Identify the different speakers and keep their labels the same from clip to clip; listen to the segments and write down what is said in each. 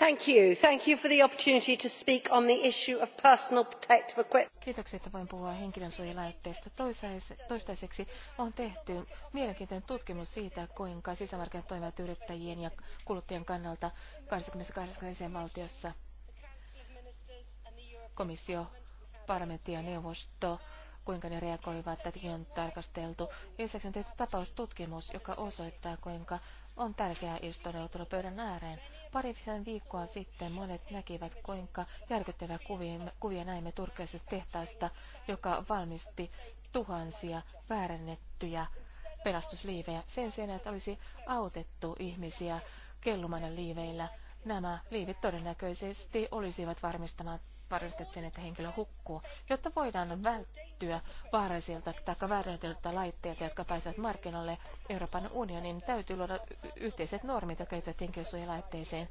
Speaker 1: thank you for the opportunity to speak
Speaker 2: on the issue of personal protective equipment. Kiitoksia, että voin puhua henkilönsuojelaitteista. Toistaiseksi on tehty mielenkiintoinen tutkimus siitä, kuinka sisämarkkinat toimivat yrittäjien ja kuluttajien kannalta 28 jäsenvaltiossa. Komissio, parlamentti ja neuvosto kuinka ne reagoivat. Tätäkin on tarkasteltu. Lisäksi on tehty tapaustutkimus, joka osoittaa, kuinka on tärkeää istua neuvottelupöydän ääreen Parisen viikkoa sitten monet näkivät, kuinka järkyttäviä kuvia, kuvia näimme turkkilaisesta tehtaasta, joka valmisti tuhansia väärennettyjä pelastusliivejä. Sen sijaan, että olisi autettu ihmisiä kellumana liiveillä, nämä liivit todennäköisesti olisivat varmistamatta varmistat sen, että henkilö hukkuu, jotta voidaan välttyä vaarallisilta tai väärätiltä laitteilta, jotka pääsevät markkinoille. Euroopan unionin täytyy luoda yhteiset normit, jotka liittyvät henkilösuojalaitteeseen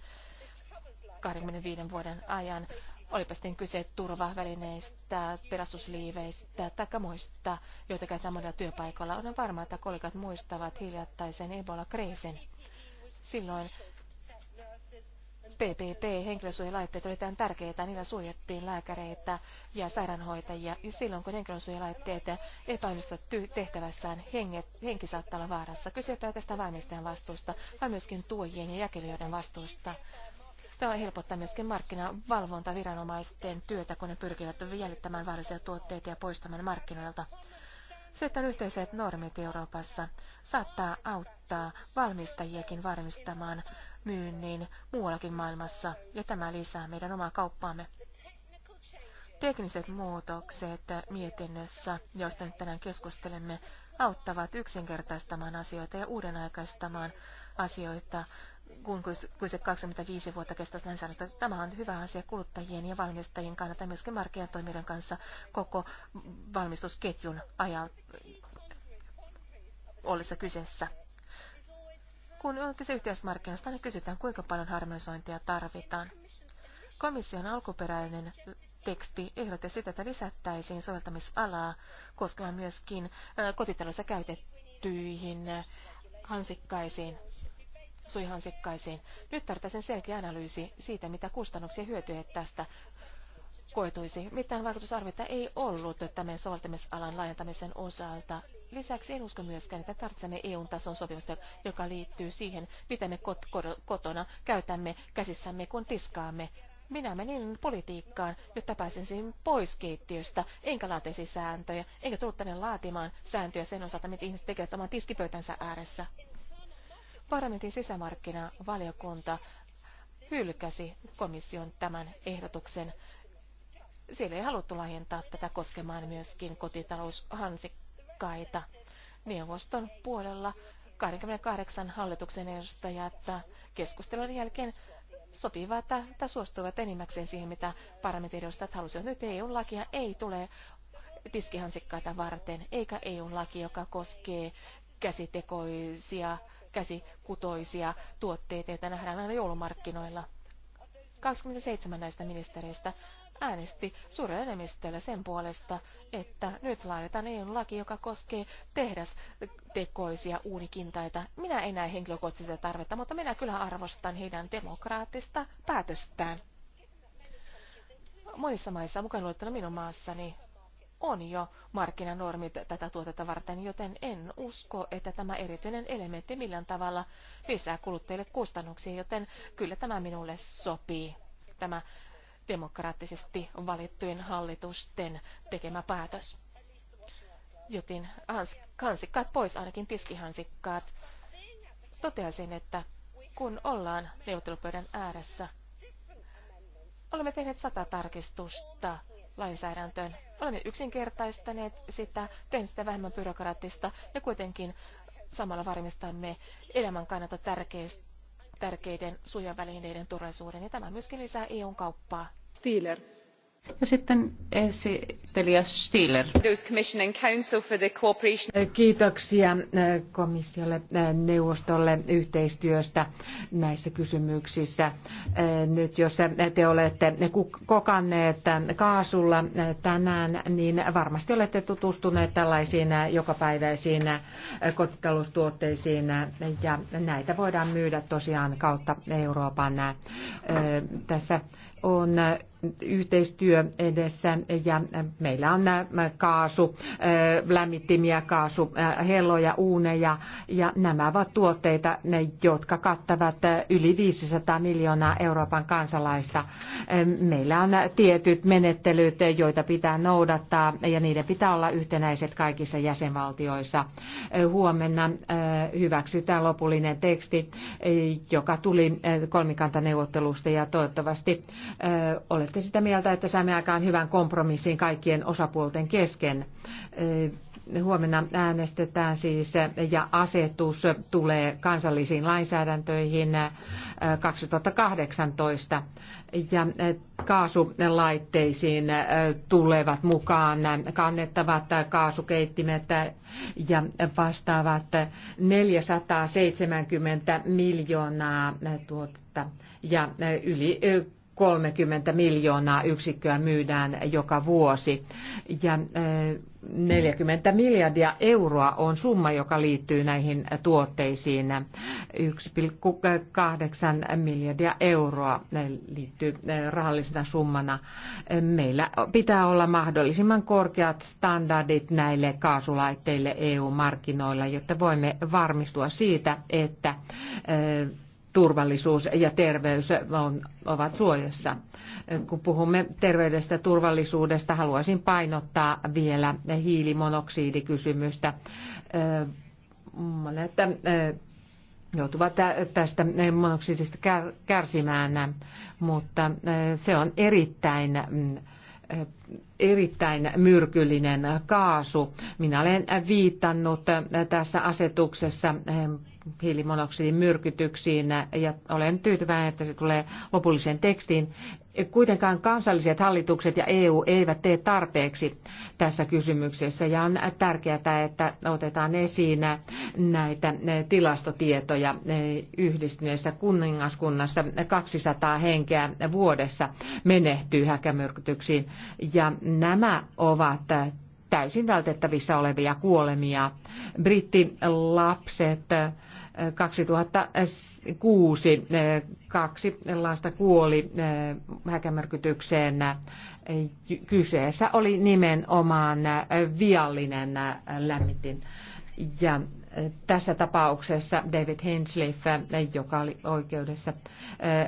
Speaker 2: 25 vuoden ajan. Olipa sitten kyse turvavälineistä, pelastusliiveistä tai muista, joita käytetään monella työpaikalla. On varmaa, että kollegat muistavat hiljattaisen Ebola-kriisin. Silloin PPP-henkilösuojelaitteet olivat tärkeitä, niillä suojattiin lääkäreitä ja sairaanhoitajia. Ja silloin kun henkilösuojelaitteet epäonnistuvat tehtävässään, henget, henki saattaa olla vaarassa. Kyse pelkästään valmistajan vastuusta, vaan myöskin tuojien ja jakelijoiden vastuusta. Tämä helpottaa myöskin markkinavalvontaviranomaisten työtä, kun ne pyrkivät jäljittämään vaarallisia tuotteita ja poistamaan markkinoilta. Se, että yhteiset normit Euroopassa saattaa auttaa valmistajiakin varmistamaan myynnin muuallakin maailmassa, ja tämä lisää meidän omaa kauppaamme. Tekniset muutokset mietinnössä, joista nyt tänään keskustelemme, auttavat yksinkertaistamaan asioita ja uudenaikaistamaan asioita, kun se 25 vuotta kestää lainsäädäntö. Tämä on hyvä asia kuluttajien ja valmistajien kannalta ja myöskin markkinatoimijoiden kanssa koko valmistusketjun ajan ollessa kyseessä. Kun on kyse yhteismarkkinasta, niin kysytään, kuinka paljon harmonisointia tarvitaan. Komission alkuperäinen teksti ehdotti sitä, että lisättäisiin soveltamisalaa koskemaan myöskin kotitaloissa käytettyihin hansikkaisiin suihansikkaisiin. Nyt tarvitaan selkeä analyysi siitä, mitä kustannuksia hyötyä tästä koituisi. Mitään vaikutusarvioita ei ollut tämän soveltamisalan laajentamisen osalta. Lisäksi en usko myöskään, että tarvitsemme EU-tason sopimusta, joka liittyy siihen, miten me kotona käytämme käsissämme, kun tiskaamme. Minä menin politiikkaan, jotta pääsisin pois keittiöstä, enkä laatisi sääntöjä, enkä tullut tänne laatimaan sääntöjä sen osalta, mitä ihmiset tekevät oman tiskipöytänsä ääressä. Parlamentin sisämarkkinavaliokunta hylkäsi komission tämän ehdotuksen siellä ei haluttu laajentaa tätä koskemaan myöskin kotitaloushansikkaita. Neuvoston puolella 28 hallituksen edustajat keskustelun jälkeen sopivat tai suostuivat enimmäkseen siihen, mitä parlamentin halusivat. Nyt EU-lakia ei tule tiskihansikkaita varten, eikä EU-laki, joka koskee käsitekoisia, käsikutoisia tuotteita, joita nähdään aina joulumarkkinoilla. 27 näistä ministereistä äänesti suurella enemmistöllä sen puolesta, että nyt laaditaan EU-laki, joka koskee tehdastekoisia uunikintaita. Minä en näe henkilökohtaisesti tarvetta, mutta minä kyllä arvostan heidän demokraattista päätöstään. Monissa maissa, mukaan luettuna minun maassani, on jo markkinanormit tätä tuotetta varten, joten en usko, että tämä erityinen elementti millään tavalla lisää kuluttajille kustannuksia, joten kyllä tämä minulle sopii. Tämä demokraattisesti valittujen hallitusten tekemä päätös. Joten hansikkaat pois, ainakin tiskihansikkaat. Toteaisin, että kun ollaan neuvottelupöydän ääressä, olemme tehneet sata tarkistusta lainsäädäntöön. Olemme yksinkertaistaneet sitä, tehneet sitä vähemmän byrokraattista ja kuitenkin samalla varmistamme elämän kannalta tärkeistä tärkeiden suojavälineiden turvallisuuden ja tämä myöskin lisää EUn kauppaa.
Speaker 3: Ja sitten esittelijä Stiller.
Speaker 1: Kiitoksia komissiolle neuvostolle yhteistyöstä näissä kysymyksissä. Nyt jos te olette kokanneet kaasulla tänään, niin varmasti olette tutustuneet tällaisiin jokapäiväisiin kotitaloustuotteisiin ja näitä voidaan myydä tosiaan kautta Euroopan. Tässä on äh, yhteistyö edessä ja äh, meillä on äh, kaasu, lämmittimiä, kaasu, helloja, uuneja ja nämä ovat tuotteita, jotka kattavat yli 500 miljoonaa Euroopan kansalaista. Ähm, meillä on tietyt menettelyt, joita pitää noudattaa ja niiden pitää olla yhtenäiset kaikissa jäsenvaltioissa. Huomenna hyväksytään lopullinen teksti, joka tuli kolmikantaneuvottelusta ja toivottavasti olette sitä mieltä, että saamme aikaan hyvän kompromissin kaikkien osapuolten kesken. Huomenna äänestetään siis ja asetus tulee kansallisiin lainsäädäntöihin 2018 ja kaasulaitteisiin tulevat mukaan kannettavat kaasukeittimet ja vastaavat 470 miljoonaa tuotetta ja yli 30 miljoonaa yksikköä myydään joka vuosi. Ja 40 eh, miljardia euroa on summa, joka liittyy näihin tuotteisiin. 1,8 miljardia euroa liittyy eh, rahallisena summana. Meillä pitää olla mahdollisimman korkeat standardit näille kaasulaitteille EU-markkinoilla, jotta voimme varmistua siitä, että eh, turvallisuus ja terveys on, ovat suojassa. Kun puhumme terveydestä ja turvallisuudesta, haluaisin painottaa vielä hiilimonoksidikysymystä. Monet joutuvat tästä monoksidista kärsimään, mutta se on erittäin erittäin myrkyllinen kaasu. Minä olen viitannut tässä asetuksessa hiilimonoksidin myrkytyksiin ja olen tyytyväinen, että se tulee lopulliseen tekstiin. Kuitenkaan kansalliset hallitukset ja EU eivät tee tarpeeksi tässä kysymyksessä ja on tärkeää, että otetaan esiin näitä tilastotietoja yhdistyneessä kuningaskunnassa 200 henkeä vuodessa menehtyy häkämyrkytyksiin ja nämä ovat täysin vältettävissä olevia kuolemia. Brittilapset lapset 2006 kaksi lasta kuoli eh, häkämärkytykseen. Kyseessä oli nimenomaan eh, viallinen eh, lämmitin. Ja tässä tapauksessa David Hinchliff, joka oli oikeudessa,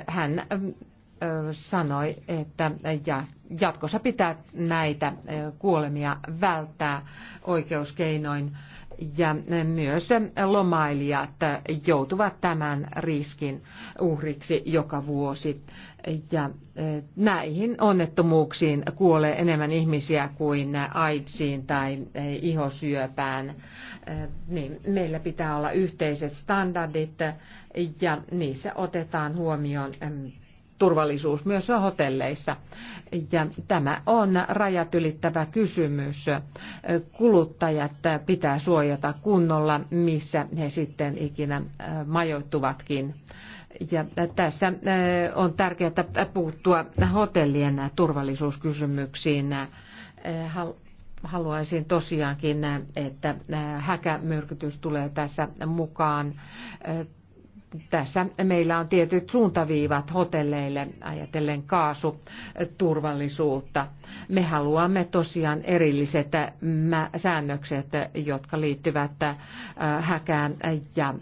Speaker 1: hän sanoi, että jatkossa pitää näitä kuolemia välttää oikeuskeinoin ja myös lomailijat joutuvat tämän riskin uhriksi joka vuosi. Ja e, näihin onnettomuuksiin kuolee enemmän ihmisiä kuin AIDSiin tai e, ihosyöpään. E, niin meillä pitää olla yhteiset standardit ja niissä otetaan huomioon mm, turvallisuus myös hotelleissa. Ja tämä on rajat ylittävä kysymys. Kuluttajat pitää suojata kunnolla, missä he sitten ikinä äh, majoittuvatkin. Ja äh, tässä äh, on tärkeää puuttua hotellien turvallisuuskysymyksiin. Haluaisin tosiaankin, että häkämyrkytys tulee tässä mukaan tässä meillä on tietyt suuntaviivat hotelleille ajatellen kaasuturvallisuutta. Me haluamme tosiaan erilliset äh, säännökset, jotka liittyvät äh, häkään ja äh,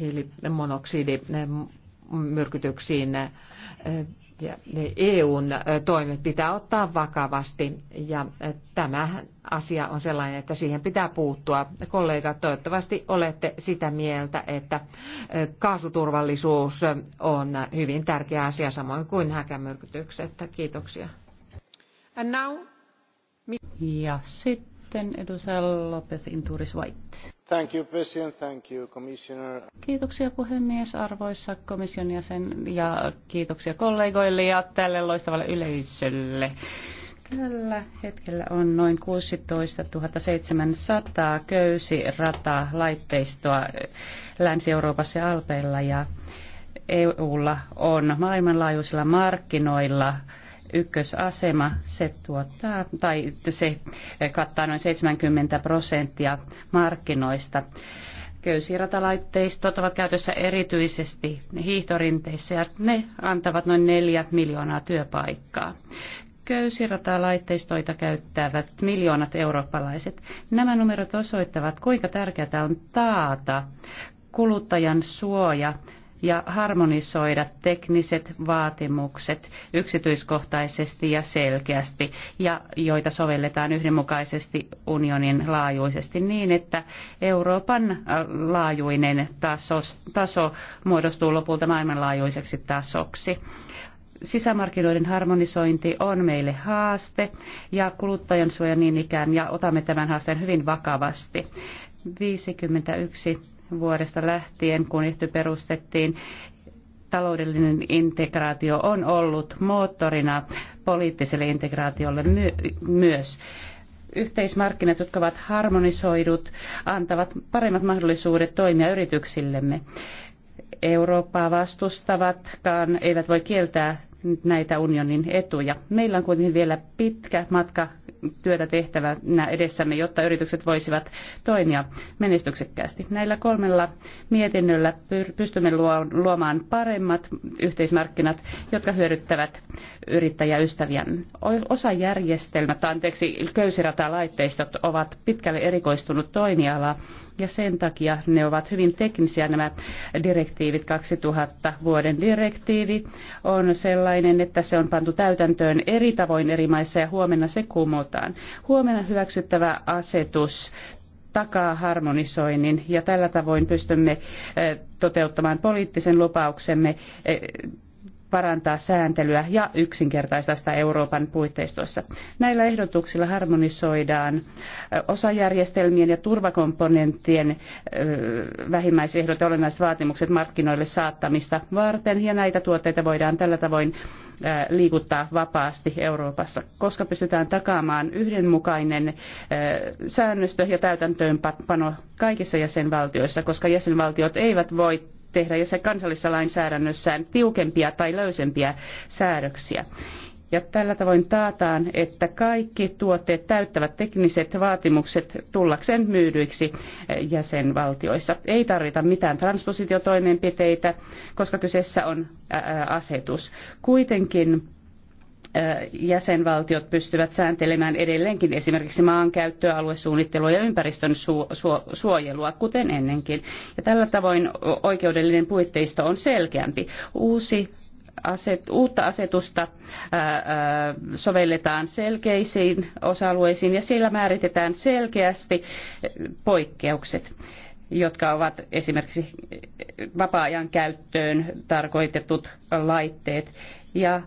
Speaker 1: hiilimonoksidimyrkytyksiin ja EUn e toimet pitää ottaa vakavasti ja tämä asia on sellainen, että siihen pitää puuttua. Kollegat, toivottavasti olette sitä mieltä, että kaasuturvallisuus on hyvin tärkeä asia, samoin kuin häkämyrkytykset. Kiitoksia.
Speaker 3: And now... Ja sitten edustaja Lopez Inturis White. Kiitoksia puhemies, arvoisa komission jäsen ja kiitoksia kollegoille ja tälle loistavalle yleisölle. Tällä hetkellä on noin 16 700 köysirata laitteistoa Länsi-Euroopassa ja Alpeilla ja EUlla on maailmanlaajuisilla markkinoilla ykkösasema, se tuottaa, tai se kattaa noin 70 prosenttia markkinoista. köysiratalaitteistot ovat käytössä erityisesti hiihtorinteissä ja ne antavat noin 4 miljoonaa työpaikkaa köysiratalaitteistoita käyttävät miljoonat eurooppalaiset. Nämä numerot osoittavat, kuinka tärkeää on taata kuluttajan suoja ja harmonisoida tekniset vaatimukset yksityiskohtaisesti ja selkeästi, ja joita sovelletaan yhdenmukaisesti unionin laajuisesti niin, että Euroopan äh, laajuinen taso, taso muodostuu lopulta maailmanlaajuiseksi tasoksi sisämarkkinoiden harmonisointi on meille haaste ja kuluttajansuoja niin ikään ja otamme tämän haasteen hyvin vakavasti. 51 vuodesta lähtien, kun yhtiö perustettiin, taloudellinen integraatio on ollut moottorina poliittiselle integraatiolle my- myös. Yhteismarkkinat, jotka ovat harmonisoidut, antavat paremmat mahdollisuudet toimia yrityksillemme. Eurooppaa vastustavatkaan eivät voi kieltää näitä unionin etuja. Meillä on kuitenkin vielä pitkä matka työtä tehtävänä edessämme, jotta yritykset voisivat toimia menestyksekkäästi. Näillä kolmella mietinnöllä pystymme luomaan paremmat yhteismarkkinat, jotka hyödyttävät yrittäjäystäviä. Osa järjestelmät, anteeksi, köysirata- laitteistot ovat pitkälle erikoistunut toimiala, ja sen takia ne ovat hyvin teknisiä nämä direktiivit. 2000 vuoden direktiivi on sellainen, että se on pantu täytäntöön eri tavoin eri maissa ja huomenna se kumotaan. Huomenna hyväksyttävä asetus takaa harmonisoinnin ja tällä tavoin pystymme eh, toteuttamaan poliittisen lupauksemme eh, parantaa sääntelyä ja yksinkertaistaa sitä Euroopan puitteistossa. Näillä ehdotuksilla harmonisoidaan osajärjestelmien ja turvakomponenttien vähimmäisehdot ja olennaiset vaatimukset markkinoille saattamista varten ja näitä tuotteita voidaan tällä tavoin liikuttaa vapaasti Euroopassa, koska pystytään takaamaan yhdenmukainen säännöstö ja täytäntöönpano kaikissa jäsenvaltioissa, koska jäsenvaltiot eivät voi tehdä jossain kansallisessa lainsäädännössään tiukempia tai löysempiä säädöksiä. Ja tällä tavoin taataan, että kaikki tuotteet täyttävät tekniset vaatimukset tullakseen myydyiksi eh, jäsenvaltioissa. Ei tarvita mitään transpositiotoimenpiteitä, koska kyseessä on asetus. Kuitenkin jäsenvaltiot pystyvät sääntelemään edelleenkin esimerkiksi maankäyttöä, aluesuunnittelua ja ympäristön suojelua, kuten ennenkin. Ja tällä tavoin oikeudellinen puitteisto on selkeämpi. Uusi aset, uutta asetusta ää, ää, sovelletaan selkeisiin osa-alueisiin ja siellä määritetään selkeästi poikkeukset jotka ovat esimerkiksi vapaa-ajan käyttöön tarkoitetut laitteet ja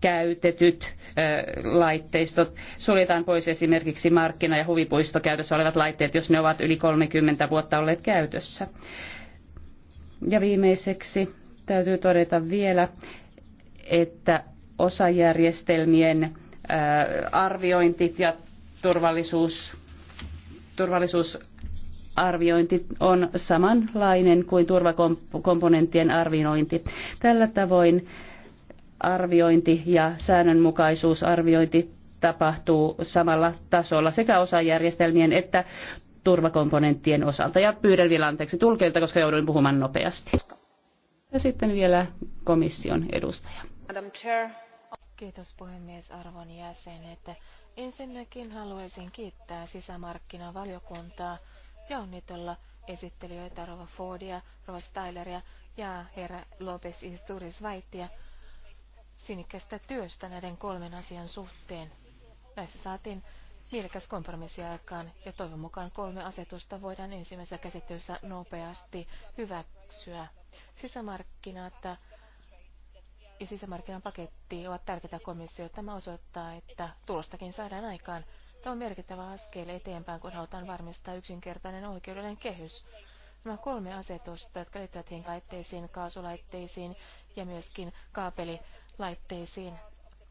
Speaker 3: käytetyt laitteistot suljetaan pois esimerkiksi markkina- ja huvipuistokäytössä olevat laitteet, jos ne ovat yli 30 vuotta olleet käytössä. Ja viimeiseksi täytyy todeta vielä, että osajärjestelmien arviointi ja turvallisuus, turvallisuusarviointi on samanlainen kuin turvakomponenttien arviointi. Tällä tavoin arviointi ja säännönmukaisuusarviointi tapahtuu samalla tasolla sekä osajärjestelmien että turvakomponenttien osalta. Ja pyydän vielä anteeksi tulkeilta, koska jouduin puhumaan nopeasti. Ja sitten vielä komission edustaja.
Speaker 2: Kiitos puhemies arvon jäsenet. Ensinnäkin haluaisin kiittää sisämarkkinavaliokuntaa ja onnitella esittelijöitä Rova Fordia, Rova Styleria ja herra Lopez Isturis Vaittia sinikkästä työstä näiden kolmen asian suhteen. Näissä saatiin mielekäs kompromissi aikaan ja toivon mukaan kolme asetusta voidaan ensimmäisessä käsittelyssä nopeasti hyväksyä. Sisämarkkinat ja sisämarkkinan paketti ovat tärkeitä komissio. Tämä osoittaa, että tulostakin saadaan aikaan. Tämä on merkittävä askel eteenpäin, kun halutaan varmistaa yksinkertainen oikeudellinen kehys. Nämä kolme asetusta, jotka liittyvät henkilölaitteisiin, kaasulaitteisiin ja myöskin kaapeli laitteisiin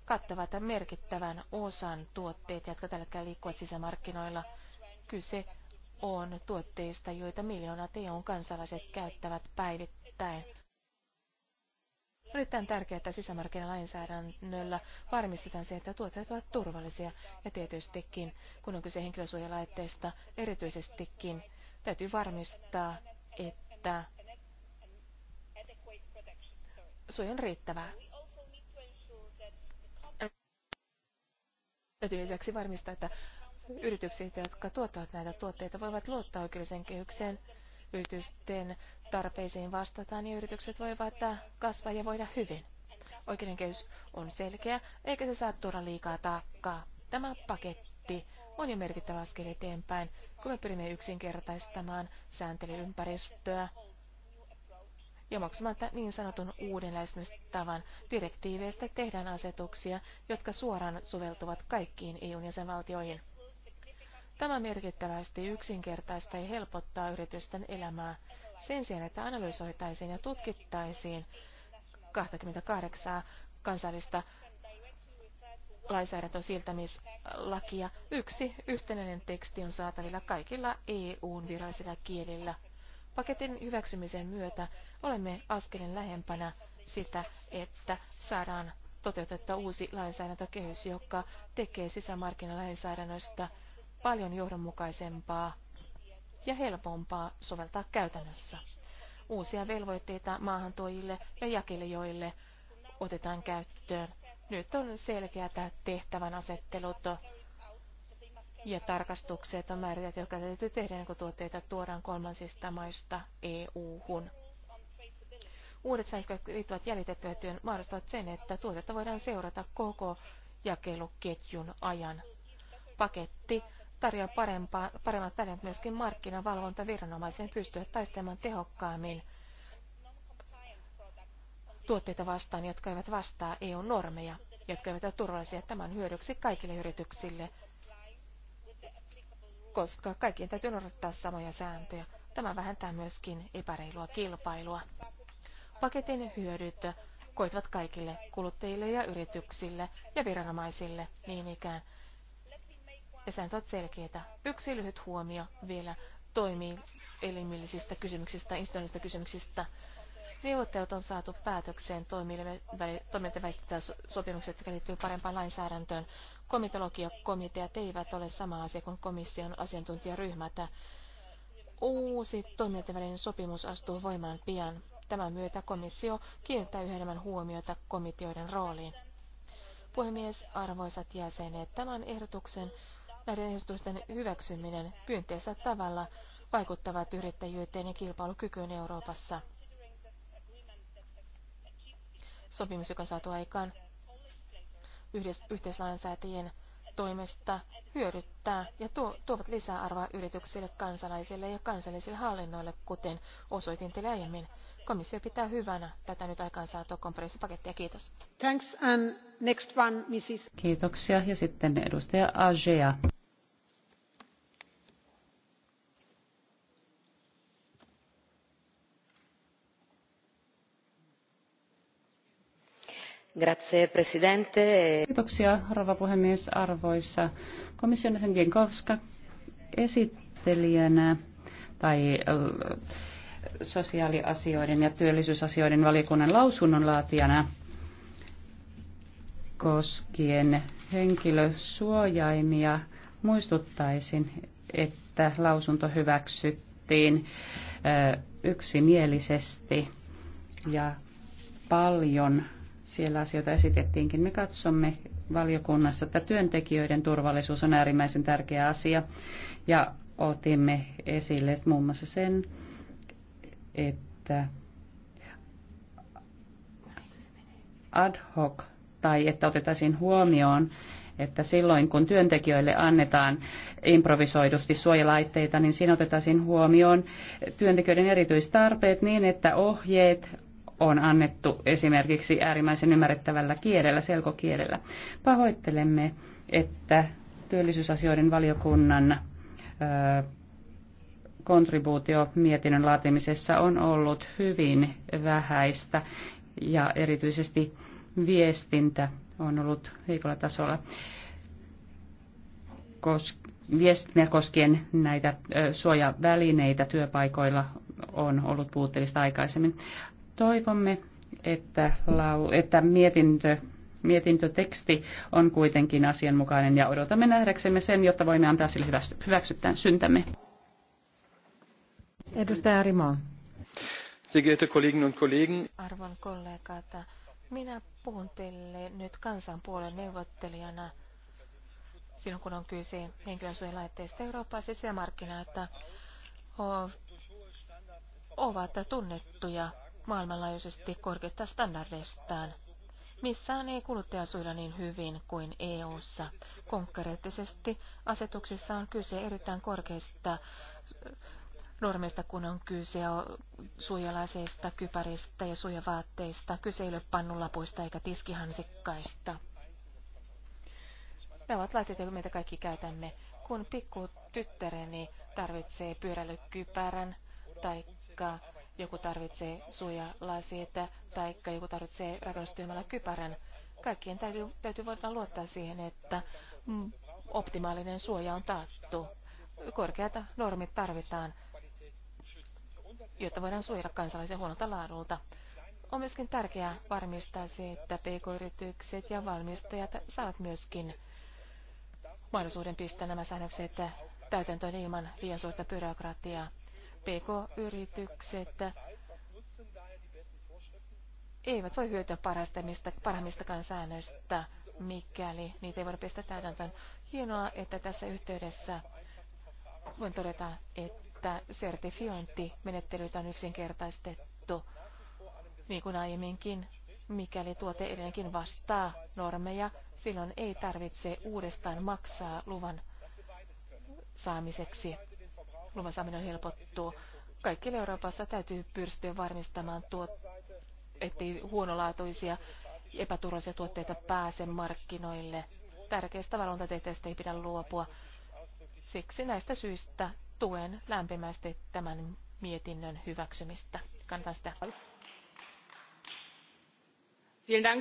Speaker 2: kattavat merkittävän osan tuotteet, jotka tällä hetkellä liikkuvat sisämarkkinoilla. Kyse on tuotteista, joita miljoonat EUn kansalaiset käyttävät päivittäin. On erittäin tärkeää, että sisämarkkinalainsäädännöllä varmistetaan se, että tuotteet ovat turvallisia ja tietystikin, kun on kyse henkilösuojalaitteista, erityisestikin täytyy varmistaa, että
Speaker 3: suojan riittävää.
Speaker 2: Täytyy lisäksi varmistaa, että yritykset, jotka tuottavat näitä tuotteita, voivat luottaa oikeudelliseen kehykseen. Yritysten tarpeisiin vastataan ja yritykset voivat kasvaa ja voida hyvin. Oikeuden kehys on selkeä, eikä se saa tuoda liikaa taakkaa. Tämä paketti on jo merkittävä askel eteenpäin, kun me pyrimme yksinkertaistamaan sääntelyympäristöä ja maksamatta niin sanotun uuden direktiiveistä tehdään asetuksia, jotka suoraan soveltuvat kaikkiin EUn jäsenvaltioihin. Tämä merkittävästi yksinkertaista ja helpottaa yritysten elämää sen sijaan, että analysoitaisiin ja tutkittaisiin 28 kansallista lainsäädäntön siirtämislakia. Yksi yhtenäinen teksti on saatavilla kaikilla EUn virallisilla kielillä. Paketin hyväksymisen myötä olemme askelin lähempänä sitä, että saadaan toteutettua uusi lainsäädäntökehys, joka tekee sisämarkkinalainsäädännöstä paljon johdonmukaisempaa ja helpompaa soveltaa käytännössä. Uusia velvoitteita maahantuojille ja jakelijoille otetaan käyttöön. Nyt on selkeätä tehtävän asettelut ja tarkastukset on määritelty, jotka täytyy tehdä, kun tuotteita tuodaan kolmansista maista EU-hun. Uudet sähköiset liittyvät työn mahdollistavat sen, että tuotetta voidaan seurata koko jakeluketjun ajan. Paketti tarjoaa parempaa, paremmat välineet myöskin markkinavalvontaviranomaisen pystyä taistelemaan tehokkaammin tuotteita vastaan, jotka eivät vastaa EU-normeja, jotka eivät ole turvallisia. Tämän hyödyksi kaikille yrityksille koska kaikkien täytyy noudattaa samoja sääntöjä. Tämä vähentää myöskin epäreilua kilpailua. Paketin hyödyt koituvat kaikille kuluttajille ja yrityksille ja viranomaisille niin ikään. Ja sääntö on tuota selkeitä. Yksi lyhyt huomio vielä toimii elimillisistä kysymyksistä, instituutioista kysymyksistä. Neuvottelut on saatu päätökseen toimijoiden väliset sopimukset, jotka liittyvät parempaan lainsäädäntöön. Komitologiakomiteat eivät ole sama asia kuin komission asiantuntijaryhmät. Uusi toimijoiden välinen sopimus astuu voimaan pian. Tämän myötä komissio kiinnittää yhä enemmän huomiota komiteoiden rooliin. Puhemies, arvoisat jäsenet, tämän ehdotuksen näiden ehdotusten hyväksyminen myönteisellä tavalla vaikuttavat yrittäjyyteen ja kilpailukykyyn Euroopassa sopimus, joka saatu aikaan yhteislainsäätäjien toimesta hyödyttää ja tuo, tuovat arvoa yrityksille, kansalaisille ja kansallisille hallinnoille, kuten osoitin teille aiemmin. Komissio pitää hyvänä tätä nyt saatua kompressipakettia. Kiitos. Thanks and next one, Mrs.
Speaker 3: Kiitoksia. Ja sitten edustaja Ajea. Kiitoksia, rouva puhemies, arvoisa komission jäsen Genkovska esittelijänä tai sosiaaliasioiden ja työllisyysasioiden valiokunnan lausunnonlaatijana koskien henkilösuojaimia muistuttaisin, että lausunto hyväksyttiin yksimielisesti ja paljon siellä asioita esitettiinkin. Me katsomme valiokunnassa, että työntekijöiden turvallisuus on äärimmäisen tärkeä asia ja otimme esille muun muassa sen, että ad hoc tai että otettaisiin huomioon, että silloin kun työntekijöille annetaan improvisoidusti suojalaitteita, niin siinä otettaisiin huomioon työntekijöiden erityistarpeet niin, että ohjeet on annettu esimerkiksi äärimmäisen ymmärrettävällä kielellä, selkokielellä. Pahoittelemme, että työllisyysasioiden valiokunnan ö, kontribuutio mietinnön laatimisessa on ollut hyvin vähäistä ja erityisesti viestintä on ollut heikolla tasolla. Kos, viestintä koskien näitä ö, suojavälineitä työpaikoilla on ollut puutteellista aikaisemmin. Toivomme, että, lau, että mietintö mietintöteksti on kuitenkin asianmukainen ja odotamme nähdäksemme sen, jotta voimme antaa sille hyväksyttään syntämme.
Speaker 1: Edustaja Rimo.
Speaker 2: Arvon kollegat, minä puhun teille nyt kansanpuolen neuvottelijana silloin kun on kyse henkilönsuojelaitteista sisämarkkinaa, että ovat tunnettuja maailmanlaajuisesti korkeista standardeistaan. Missään ei kuluttaja suilla niin hyvin kuin EU:ssa. Konkreettisesti asetuksissa on kyse erittäin korkeista äh, normeista, kun on kyse suojalaseista, kypäristä ja suojavaatteista. kyseilypannulapuista eikä tiskihansikkaista. Ne ovat laitteita, joita kaikki käytämme. Kun pikku tyttäreni tarvitsee pyöräilykypärän tai joku tarvitsee suojalasietä tai joku tarvitsee rakennustyömällä kypärän. Kaikkien täytyy, täytyy voida luottaa siihen, että mm, optimaalinen suoja on taattu. Korkeata normit tarvitaan, jotta voidaan suojella kansalaisia huonolta laadulta. On myöskin tärkeää varmistaa se, että pk-yritykset ja valmistajat saavat myöskin mahdollisuuden pistää nämä säännökset täytäntöön ilman liian suurta byrokratiaa. PK-yritykset eivät voi hyötyä parhaimmista, parhaimmistakaan säännöistä, mikäli niitä ei voida pistää täytäntöön. Hienoa, että tässä yhteydessä voin todeta, että sertifiointimenettelyitä on yksinkertaistettu, niin kuin aiemminkin. Mikäli tuote edelleenkin vastaa normeja, silloin ei tarvitse uudestaan maksaa luvan saamiseksi luvan saaminen helpottuu. Kaikille Euroopassa täytyy pyrstyä varmistamaan, tuot, ettei huonolaatuisia epäturvallisia tuotteita pääse markkinoille. Tärkeistä valvontatehtävistä ei pidä luopua. Siksi näistä syistä tuen lämpimästi tämän mietinnön hyväksymistä. Kannatan sitä.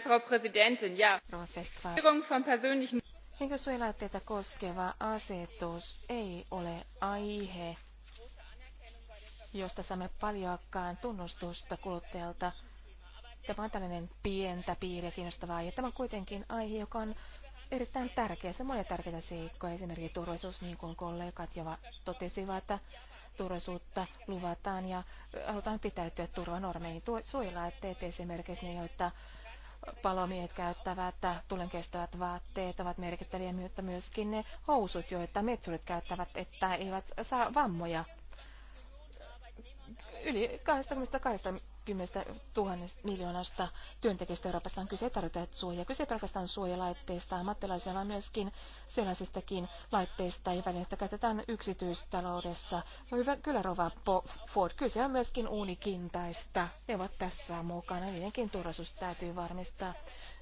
Speaker 1: Frau Präsidentin! Ja,
Speaker 2: von persönlichen Henkilösuojelaitteita koskeva asetus ei ole aihe, josta saamme paljoakaan tunnustusta kuluttajalta. Tämä on tällainen pientä piiriä kiinnostava aihe. Tämä on kuitenkin aihe, joka on erittäin tärkeä. Se on monia tärkeitä seikkoja, esimerkiksi turvallisuus, niin kuin kollegat jo totesivat, että turvallisuutta luvataan ja halutaan pitäytyä turvanormeihin. Suojelaitteet esimerkiksi, ne, joita palomiehet käyttävät tulen kestävät vaatteet ovat merkittäviä, myötä myöskin ne housut, joita metsurit käyttävät, että eivät saa vammoja. Yli 22 kymmenestä tuhannesta miljoonasta työntekijästä Euroopasta on kyse tarvitaan suojaa. Kyse pelkästään suojalaitteista, ammattilaisilla on myöskin sellaisistakin laitteista ja välineistä käytetään yksityistaloudessa. No hyvä, kyllä Rova Ford, kyse on myöskin uunikintaista. Ne ovat tässä mukana, niidenkin turvallisuus täytyy varmistaa.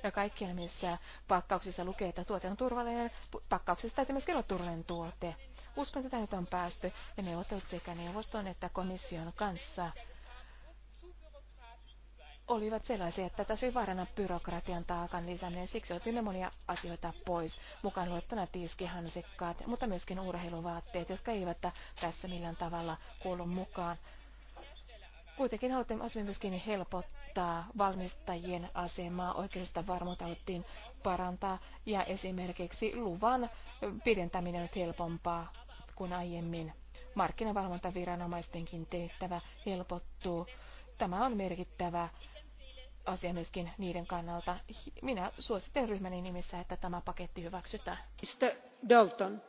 Speaker 2: Ja kaikkialla, missä pakkauksissa lukee, että tuote on turvallinen, pakkauksessa täytyy myöskin olla turvallinen tuote. Uskon, että nyt on päästy ja neuvottelut sekä neuvoston että komission kanssa olivat sellaisia, että tässä vaarana byrokratian taakan lisääminen. Siksi otimme monia asioita pois, mukaan luettuna tiskihansikkaat, mutta myöskin urheiluvaatteet, jotka eivät tässä millään tavalla kuulu mukaan. Kuitenkin osin myöskin helpottaa valmistajien asemaa, oikeudesta varmuutta haluttiin parantaa ja esimerkiksi luvan pidentäminen on helpompaa kuin aiemmin. Markkinavalvontaviranomaistenkin tehtävä helpottuu. Tämä on merkittävä asia myöskin niiden kannalta. Minä suosittelen ryhmäni nimissä, että tämä paketti hyväksytään. Mr. Dalton.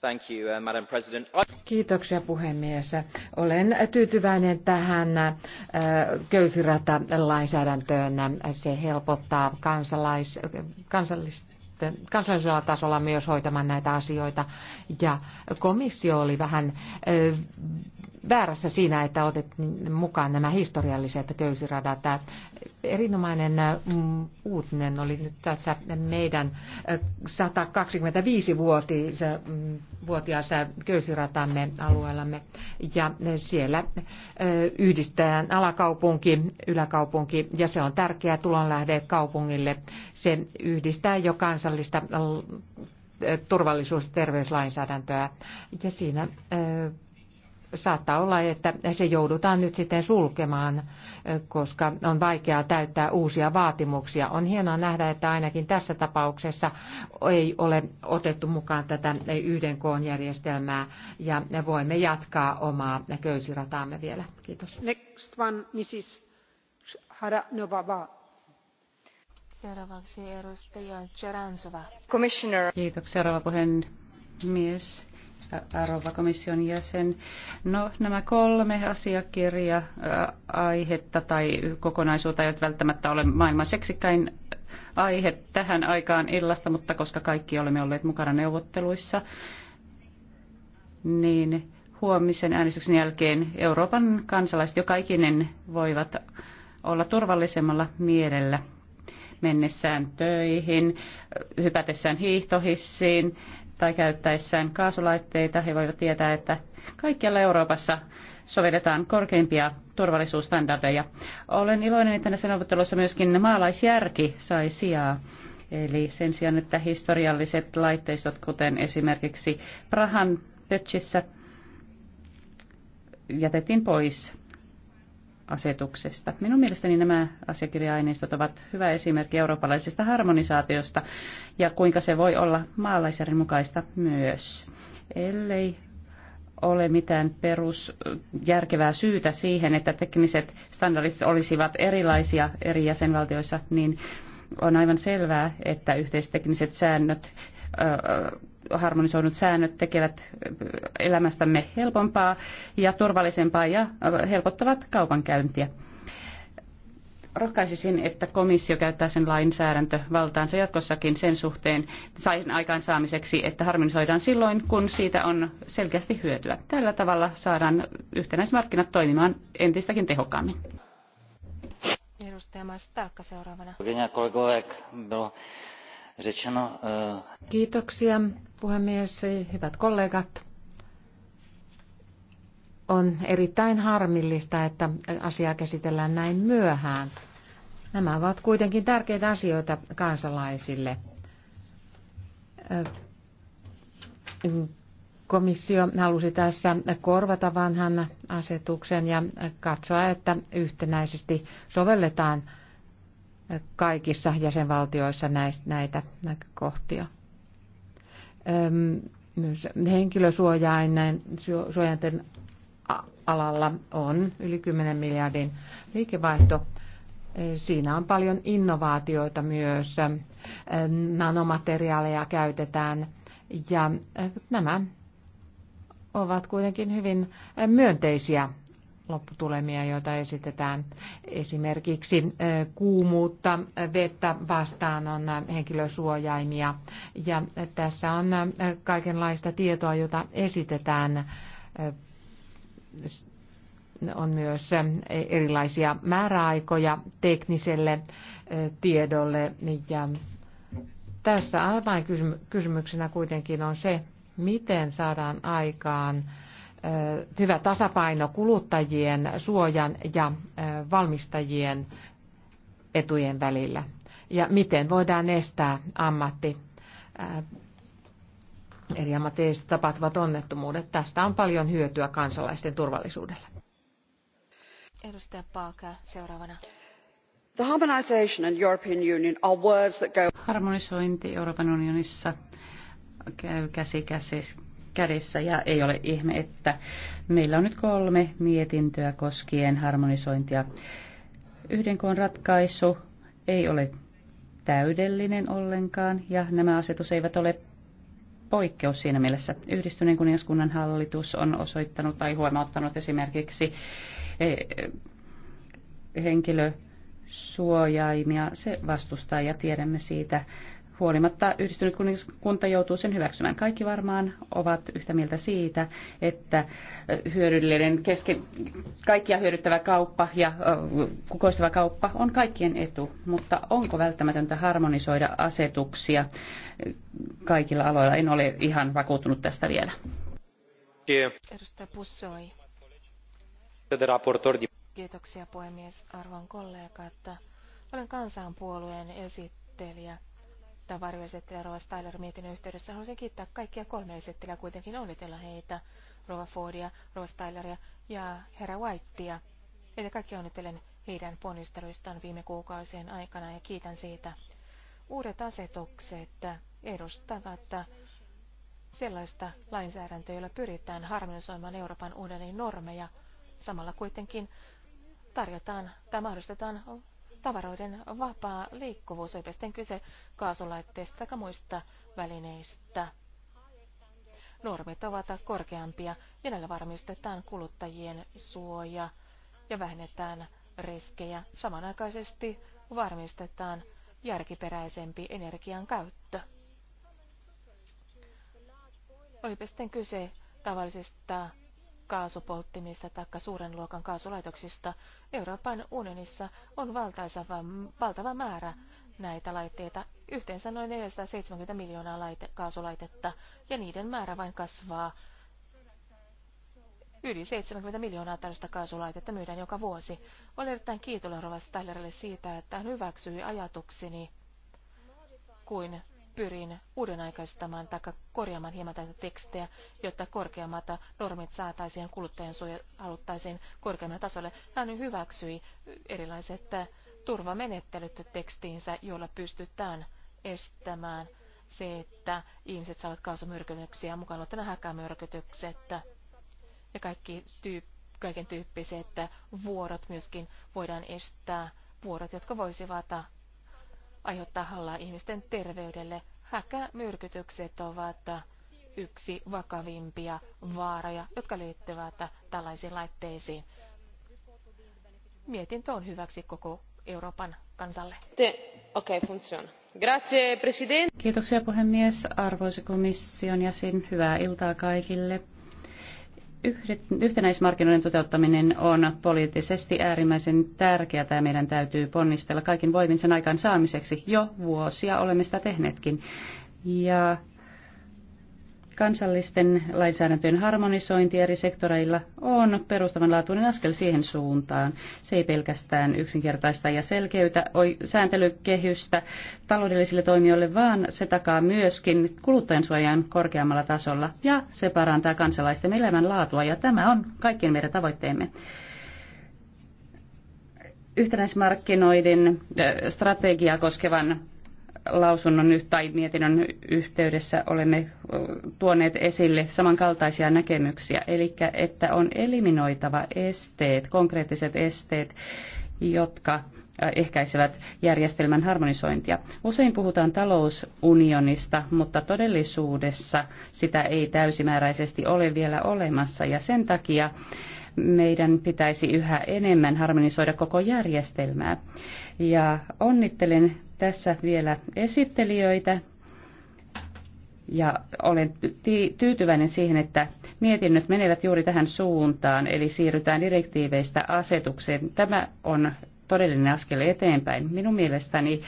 Speaker 1: Thank you, uh,
Speaker 2: Madam President.
Speaker 1: Kiitoksia puhemies. Olen tyytyväinen tähän uh, köysirata-lainsäädäntöön. Se helpottaa kansalais, kansallista kansallisella tasolla myös hoitamaan näitä asioita. Ja komissio oli vähän väärässä siinä, että otettiin mukaan nämä historialliset köysiradat. Tämä erinomainen uutinen oli nyt tässä meidän 125 vuotiaassa köysiratamme alueellamme. Ja siellä yhdistetään alakaupunki, yläkaupunki ja se on tärkeä tulonlähde kaupungille. Se yhdistää jo kans kansallista äh, turvallisuus- ja terveyslainsäädäntöä. Ja siinä äh, saattaa olla, että se joudutaan nyt sitten sulkemaan, äh, koska on vaikeaa täyttää uusia vaatimuksia. On hienoa nähdä, että ainakin tässä tapauksessa ei ole otettu mukaan tätä yhden koon järjestelmää ja voimme jatkaa omaa köysirataamme vielä. Kiitos. Next one, Mrs. Haranovava. Seuraavaksi
Speaker 2: edustaja Cheransova.
Speaker 3: Commissioner. Kiitoksia, rouva puhemies. Arova komission jäsen. No, nämä kolme asiakirja aihetta tai kokonaisuutta eivät välttämättä ole maailman seksikkäin aihe tähän aikaan illasta, mutta koska kaikki olemme olleet mukana neuvotteluissa, niin huomisen äänestyksen jälkeen Euroopan kansalaiset joka ikinen, voivat olla turvallisemmalla mielellä mennessään töihin, hypätessään hiihtohissiin tai käyttäessään kaasulaitteita. He voivat tietää, että kaikkialla Euroopassa sovelletaan korkeimpia turvallisuusstandardeja. Olen iloinen, että näissä neuvottelussa myöskin maalaisjärki sai sijaa. Eli sen sijaan, että historialliset laitteistot, kuten esimerkiksi Prahan Pötsissä, jätettiin pois asetuksesta. Minun mielestäni nämä asiakirja-aineistot ovat hyvä esimerkki eurooppalaisesta harmonisaatiosta ja kuinka se voi olla maalaisjärjen mukaista myös. Ellei ole mitään perusjärkevää syytä siihen, että tekniset standardit olisivat erilaisia eri jäsenvaltioissa, niin on aivan selvää, että yhteistekniset säännöt harmonisoidut säännöt tekevät elämästämme helpompaa ja turvallisempaa ja helpottavat kaupankäyntiä. Rohkaisisin, että komissio käyttää sen lainsäädäntövaltaansa jatkossakin sen suhteen sain aikaansaamiseksi, että harmonisoidaan silloin, kun siitä on selkeästi hyötyä. Tällä tavalla saadaan yhtenäismarkkinat toimimaan entistäkin tehokkaammin.
Speaker 2: Edustaja Maas, seuraavana řečeno... Eh,
Speaker 1: Kiitoksia puhemies, hyvät kollegat. On erittäin harmillista, että asiaa käsitellään näin myöhään. Nämä ovat kuitenkin tärkeitä asioita kansalaisille. Eh, komissio halusi tässä korvata vanhan asetuksen ja katsoa, että yhtenäisesti sovelletaan kaikissa jäsenvaltioissa näitä näkökohtia. Myös henkilösuojainten alalla on yli 10 miljardin liikevaihto. Siinä on paljon innovaatioita myös, nanomateriaaleja käytetään ja nämä ovat kuitenkin hyvin myönteisiä lopputulemia, joita esitetään. Esimerkiksi kuumuutta vettä vastaan on henkilösuojaimia. Ja tässä on kaikenlaista tietoa, jota esitetään. On myös erilaisia määräaikoja tekniselle tiedolle. Ja tässä avainkysymyksenä kuitenkin on se, miten saadaan aikaan hyvä tasapaino kuluttajien suojan ja valmistajien etujen välillä. Ja miten voidaan estää ammatti, eri ammatteissa tapahtuvat onnettomuudet. Tästä on paljon hyötyä kansalaisten turvallisuudelle.
Speaker 2: Edustaja Paaka, seuraavana.
Speaker 3: The and European Union are words that go... Harmonisointi Euroopan unionissa käy käsi, käsi kädessä ja ei ole ihme, että meillä on nyt kolme mietintöä koskien harmonisointia. Yhden koon ratkaisu ei ole täydellinen ollenkaan ja nämä asetus eivät ole poikkeus siinä mielessä. Yhdistyneen kuningaskunnan hallitus on osoittanut tai huomauttanut esimerkiksi e, henkilösuojaimia. Se vastustaa ja tiedämme siitä huolimatta yhdistynyt kuningaskunta joutuu sen hyväksymään. Kaikki varmaan ovat yhtä mieltä siitä, että hyödyllinen kesken, kaikkia hyödyttävä kauppa ja kukoistava kauppa on kaikkien etu, mutta onko välttämätöntä harmonisoida asetuksia kaikilla aloilla? En ole ihan vakuuttunut tästä vielä.
Speaker 2: Kiitoksia puhemies, arvon kollegat. Olen kansanpuolueen esittelijä Tämä varjoesittelijä Rova Styler mietinnön yhteydessä. Haluaisin kiittää kaikkia kolme esittelijää kuitenkin onnitella heitä, Rova Fordia, Rova Styleria ja herra Whitea. Heitä kaikki onnittelen heidän ponnisteluistaan viime kuukausien aikana ja kiitän siitä. Uudet asetukset edustavat sellaista lainsäädäntöä, jolla pyritään harmonisoimaan Euroopan unionin normeja. Samalla kuitenkin tarjotaan tai mahdollistetaan tavaroiden vapaa liikkuvuus, ei sitten kyse kaasulaitteista tai muista välineistä. Normit ovat korkeampia ja näillä varmistetaan kuluttajien suoja ja vähennetään riskejä. Samanaikaisesti varmistetaan järkiperäisempi energian käyttö. Olipa sitten kyse tavallisista kaasupolttimista tai suuren luokan kaasulaitoksista. Euroopan unionissa on valtaisava, valtava määrä näitä laitteita, yhteensä noin 470 miljoonaa laite, kaasulaitetta, ja niiden määrä vain kasvaa. Yli 70 miljoonaa tällaista kaasulaitetta myydään joka vuosi. Olen erittäin kiitollinen Rova siitä, että hän hyväksyi ajatukseni kuin pyrin uuden aikaistamaan tai korjaamaan hieman tätä tekstejä, jotta korkeammat normit saataisiin kuluttajan suoja haluttaisiin korkeammalle tasolle. Hän hyväksyi erilaiset turvamenettelyt tekstiinsä, joilla pystytään estämään se, että ihmiset saavat kaasumyrkytyksiä, mukaan ottaen häkämyrkytykset ja kaikki tyyppi kaiken tyyppiset vuorot myöskin voidaan estää. Vuorot, jotka voisivat aiheuttaa hallaa ihmisten terveydelle. Häkämyrkytykset ovat yksi vakavimpia vaaroja, jotka liittyvät tällaisiin laitteisiin. Mietintö on hyväksi koko Euroopan kansalle. Okei, Grazie,
Speaker 3: Kiitoksia puhemies, arvoisa komission jäsen. Hyvää iltaa kaikille yhtenäismarkkinoiden toteuttaminen on poliittisesti äärimmäisen tärkeää ja meidän täytyy ponnistella kaikin voimin sen aikaan saamiseksi. Jo vuosia olemme sitä tehneetkin. Ja Kansallisten lainsäädäntöjen harmonisointi eri sektoreilla on perustavanlaatuinen askel siihen suuntaan. Se ei pelkästään yksinkertaista ja selkeytä sääntelykehystä taloudellisille toimijoille, vaan se takaa myöskin kuluttajansuojan korkeammalla tasolla ja se parantaa kansalaisten laatua ja tämä on kaikkien meidän tavoitteemme yhtenäismarkkinoiden strategiaa koskevan lausunnon tai mietinnön yhteydessä olemme tuoneet esille samankaltaisia näkemyksiä, eli että on eliminoitava esteet, konkreettiset esteet, jotka ehkäisevät järjestelmän harmonisointia. Usein puhutaan talousunionista, mutta todellisuudessa sitä ei täysimääräisesti ole vielä olemassa ja sen takia meidän pitäisi yhä enemmän harmonisoida koko järjestelmää. Ja onnittelen tässä vielä esittelijöitä ja olen tyytyväinen siihen, että mietinnöt menevät juuri tähän suuntaan, eli siirrytään direktiiveistä asetukseen. Tämä on todellinen askel eteenpäin. Minun mielestäni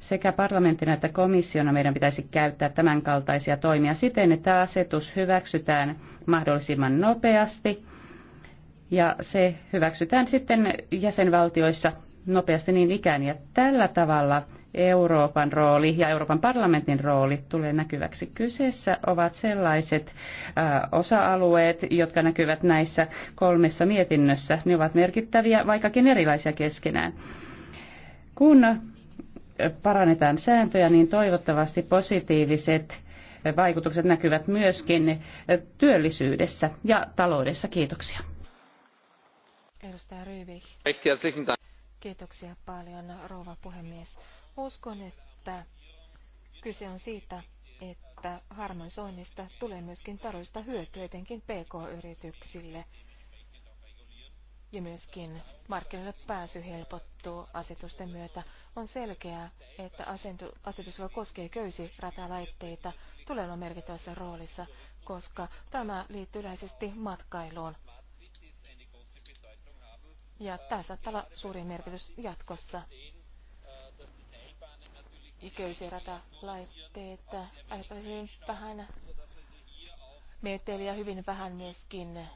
Speaker 3: sekä parlamenttina että komissiona meidän pitäisi käyttää tämänkaltaisia toimia siten, että asetus hyväksytään mahdollisimman nopeasti ja se hyväksytään sitten jäsenvaltioissa nopeasti niin ikään. Ja tällä tavalla Euroopan rooli ja Euroopan parlamentin rooli tulee näkyväksi. Kyseessä ovat sellaiset osa-alueet, jotka näkyvät näissä kolmessa mietinnössä. Ne ovat merkittäviä, vaikkakin erilaisia keskenään. Kun parannetaan sääntöjä, niin toivottavasti positiiviset vaikutukset näkyvät myöskin työllisyydessä ja taloudessa. Kiitoksia.
Speaker 2: Edustaja Ryyvi. Kiitoksia paljon, rouva puhemies. Uskon, että kyse on siitä, että harmonisoinnista tulee myöskin taloudellista hyötyä etenkin PK-yrityksille ja myöskin markkinoille pääsy helpottuu asetusten myötä. On selkeää, että asetus, joka koskee köysiratalaitteita, tulee olla merkittävässä roolissa, koska tämä liittyy yleisesti matkailuun. Ja tässä saattaa olla suuri merkitys jatkossa köysirata-laitteet aiheuttavat hyvin vähän meteliä, hyvin vähän myöskin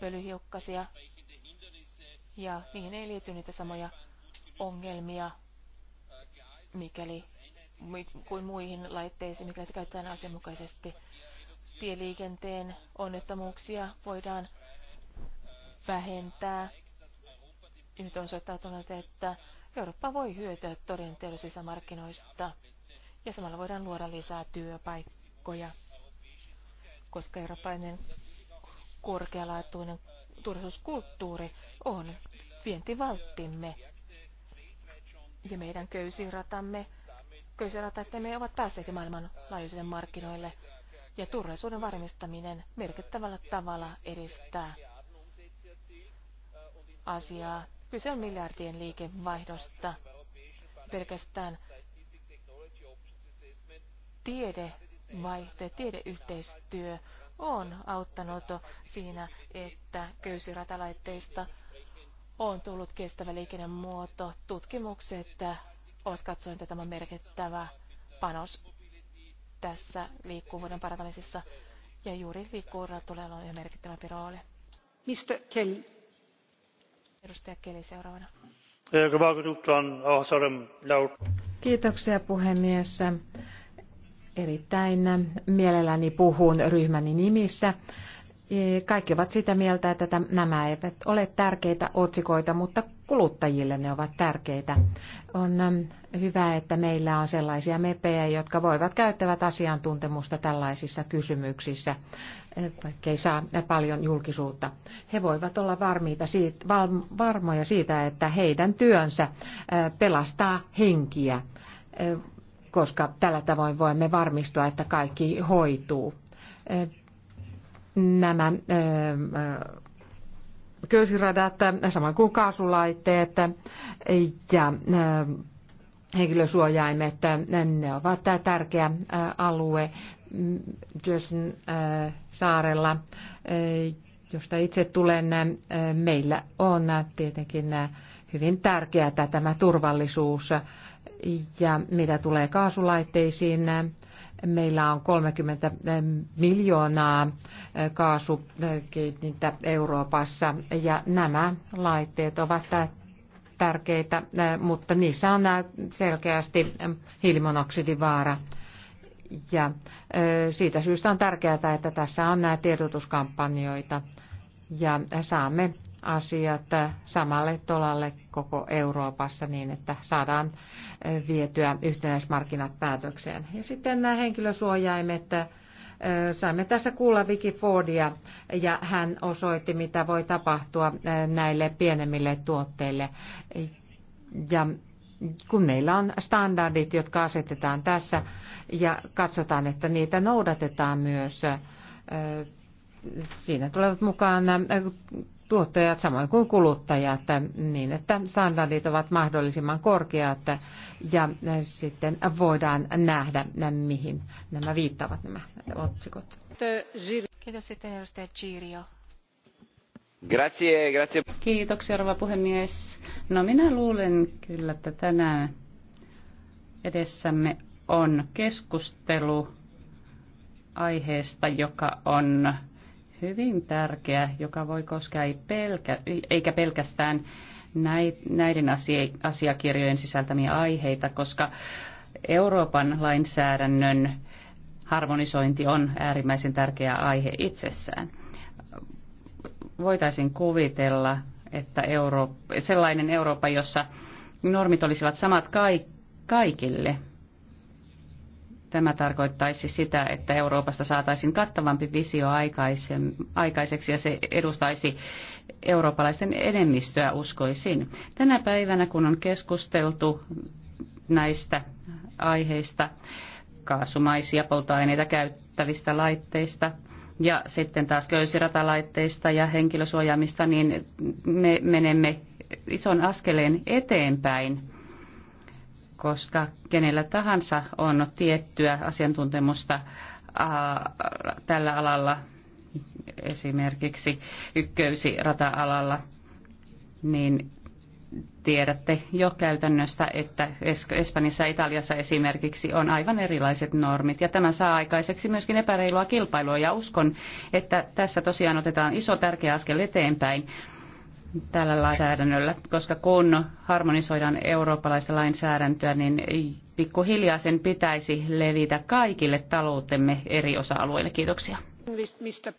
Speaker 2: pölyhiukkasia. Ja niihin ei liity niitä samoja ongelmia, mikäli kuin muihin laitteisiin, mikä käytetään asianmukaisesti. Tieliikenteen onnettomuuksia voidaan vähentää. nyt on soittautunut, että Eurooppa voi hyötyä toden sisämarkkinoista ja samalla voidaan luoda lisää työpaikkoja, koska eurooppalainen korkealaatuinen turvallisuuskulttuuri on vientivalttimme ja meidän köysiratamme. me ovat päässeet maailmanlaajuisille markkinoille ja turvallisuuden varmistaminen merkittävällä tavalla edistää asiaa Kyse on miljardien liikevaihdosta. Pelkästään tiedevaihto, tiedeyhteistyö on auttanut siinä, että köysiratalaitteista on tullut kestävä liikennemuoto. Tutkimukset ovat katsoen tämä merkittävä panos tässä liikkuvuuden parantamisessa ja juuri liikkuvuudella tulee olla merkittävä rooli. Mr. Kelly. Edustaja Keli seuraavana.
Speaker 1: Kiitoksia puhemies. Erittäin mielelläni puhun ryhmäni nimissä. Kaikki ovat sitä mieltä, että nämä eivät ole tärkeitä otsikoita, mutta kuluttajille ne ovat tärkeitä. On hyvä, että meillä on sellaisia mepejä, jotka voivat käyttävät asiantuntemusta tällaisissa kysymyksissä, vaikkei saa paljon julkisuutta. He voivat olla siitä, varmoja siitä, että heidän työnsä pelastaa henkiä, koska tällä tavoin voimme varmistua, että kaikki hoituu nämä köysiradat, samoin kuin kaasulaitteet ja henkilösuojaimet, ne ovat tärkeä alue myös saarella, josta itse tulen. Meillä on tietenkin hyvin tärkeää tämä turvallisuus ja mitä tulee kaasulaitteisiin, Meillä on 30 eh, miljoonaa eh, kaasukeitintä Euroopassa ja nämä laitteet ovat tärkeitä, eh, mutta niissä on selkeästi hiilimonoksidivaara. Ja siitä syystä on tärkeää, että tässä on nämä tiedotuskampanjoita ja saamme asiat samalle tolalle koko Euroopassa niin, että saadaan eh, vietyä yhtenäismarkkinat päätökseen. Ja sitten nämä henkilösuojaimet, eh, saimme tässä kuulla Vicky Fordia ja hän osoitti, mitä voi tapahtua eh, näille pienemmille tuotteille. Ja kun meillä on standardit, jotka asetetaan tässä ja katsotaan, että niitä noudatetaan myös, siinä tulevat mukaan tuottajat samoin kuin kuluttajat niin, että standardit ovat mahdollisimman korkeat ja sitten voidaan nähdä, mihin nämä viittavat nämä otsikot.
Speaker 2: Kiitos sitten edustaja Girio.
Speaker 3: Grazie, grazie. Kiitoksia, rouva puhemies. No minä luulen kyllä, että tänään edessämme on keskustelu aiheesta, joka on hyvin tärkeä, joka voi koskea ei pelkä, eikä pelkästään näiden asiakirjojen sisältämiä aiheita, koska Euroopan lainsäädännön harmonisointi on äärimmäisen tärkeä aihe itsessään. Voitaisiin kuvitella, että Euroop- sellainen Eurooppa, jossa normit olisivat samat kaikille, Tämä tarkoittaisi sitä, että Euroopasta saataisiin kattavampi visio aikaiseksi ja se edustaisi eurooppalaisten enemmistöä uskoisin. Tänä päivänä, kun on keskusteltu näistä aiheista, kaasumaisia polttoaineita käyttävistä laitteista ja sitten taas köysiratalaitteista ja henkilösuojaamista, niin me menemme ison askeleen eteenpäin koska kenellä tahansa on tiettyä asiantuntemusta tällä alalla, esimerkiksi rata alalla niin tiedätte jo käytännöstä, että Espanjassa ja Italiassa esimerkiksi on aivan erilaiset normit. Ja tämä saa aikaiseksi myöskin epäreilua kilpailua. Ja uskon, että tässä tosiaan otetaan iso tärkeä askel eteenpäin tällä lainsäädännöllä, koska kun harmonisoidaan eurooppalaista lainsäädäntöä, niin pikkuhiljaa sen pitäisi levitä kaikille taloutemme eri osa-alueille. Kiitoksia.